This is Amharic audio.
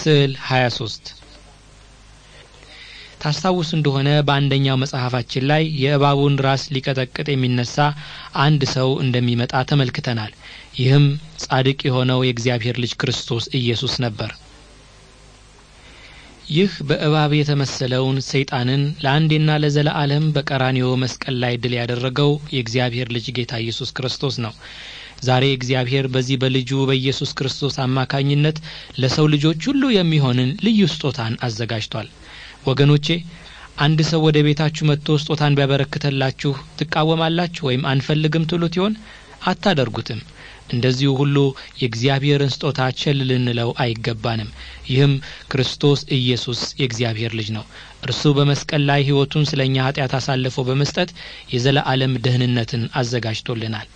ስዕል 23 ታስታውስ እንደሆነ በአንደኛው መጽሐፋችን ላይ የእባቡን ራስ ሊቀጠቅጥ የሚነሳ አንድ ሰው እንደሚመጣ ተመልክተናል። ይህም ጻድቅ የሆነው የእግዚአብሔር ልጅ ክርስቶስ ኢየሱስ ነበር። ይህ በእባብ የተመሰለውን ሰይጣንን ለአንዴና ለዘለዓለም በቀራኒዮ መስቀል ላይ ድል ያደረገው የእግዚአብሔር ልጅ ጌታ ኢየሱስ ክርስቶስ ነው። ዛሬ እግዚአብሔር በዚህ በልጁ በኢየሱስ ክርስቶስ አማካኝነት ለሰው ልጆች ሁሉ የሚሆንን ልዩ ስጦታን አዘጋጅቷል። ወገኖቼ አንድ ሰው ወደ ቤታችሁ መጥቶ ስጦታን ቢያበረክተላችሁ ትቃወማላችሁ ወይም አንፈልግም ትሉት ይሆን? አታደርጉትም። እንደዚሁ ሁሉ የእግዚአብሔርን ስጦታ ቸል ልንለው አይገባንም። ይህም ክርስቶስ ኢየሱስ የእግዚአብሔር ልጅ ነው። እርሱ በመስቀል ላይ ሕይወቱን ስለ እኛ ኃጢአት አሳልፎ በመስጠት የዘለዓለም ደህንነትን አዘጋጅቶልናል።